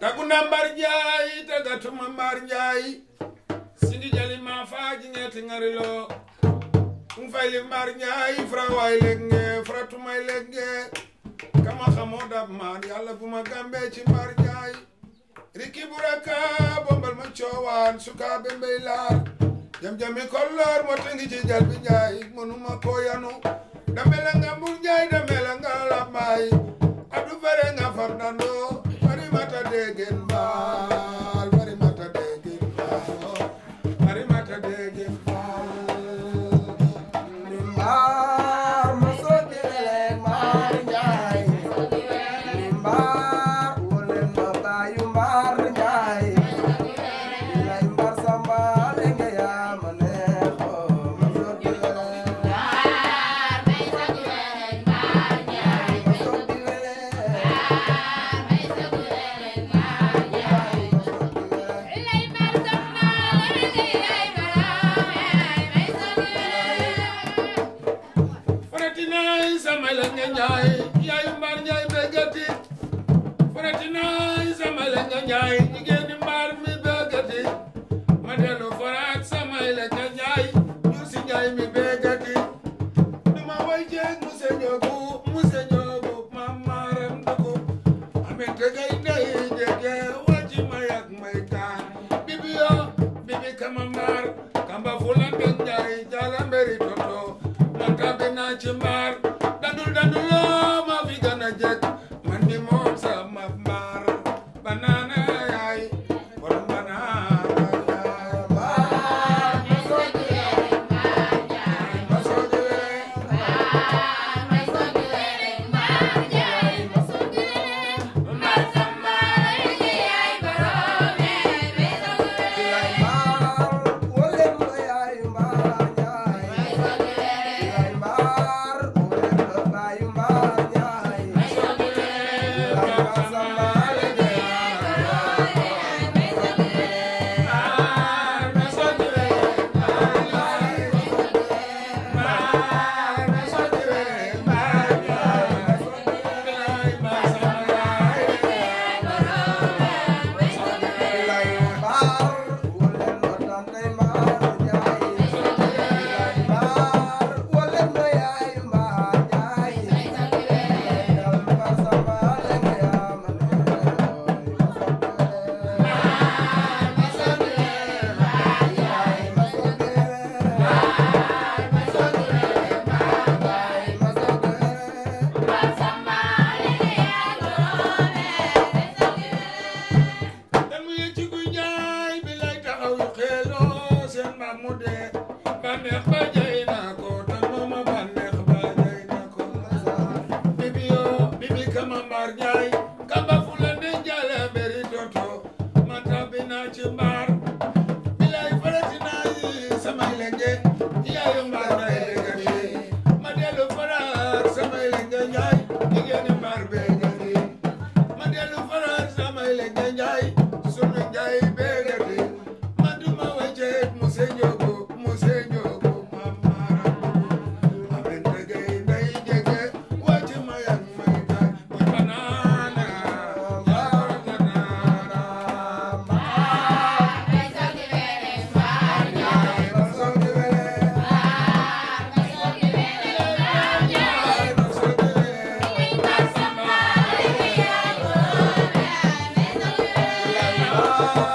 taguna mbar jaayi tagatuma mbar jaayi sindi jali ma faaji ngeti ngarilo um fayli mbar jaayi fra way legge fra tumay legge kama xamo dab maan yàlla bu ma gambe ci mbar jaayi rikki buraka bombal ma coowaan sukaabe mbey laar jam jami kolloor mo tengi ci jalbi jaayi mënuma ko yanu njaay yaay mbaar njaay béggati farati naay sama lenga njaay jigéen ni mbaar mi béggati ma dellu faraat samay lenga njaay jur si njaay mi béggati du ma way jeeg mu señoogu mu señoogu ma maaram dugu amete gay ndey jege waji may ak may taan bibi yo bibi kama mbaar kamba fulan benjaay jala mberi toto ma tabi ci mbaar Thank you. Babacar Ndiaye kamba fu la di beri doto ma tabbi naa ci mbaar bilay farati naa yi samay lenge yaayu mbaar Hare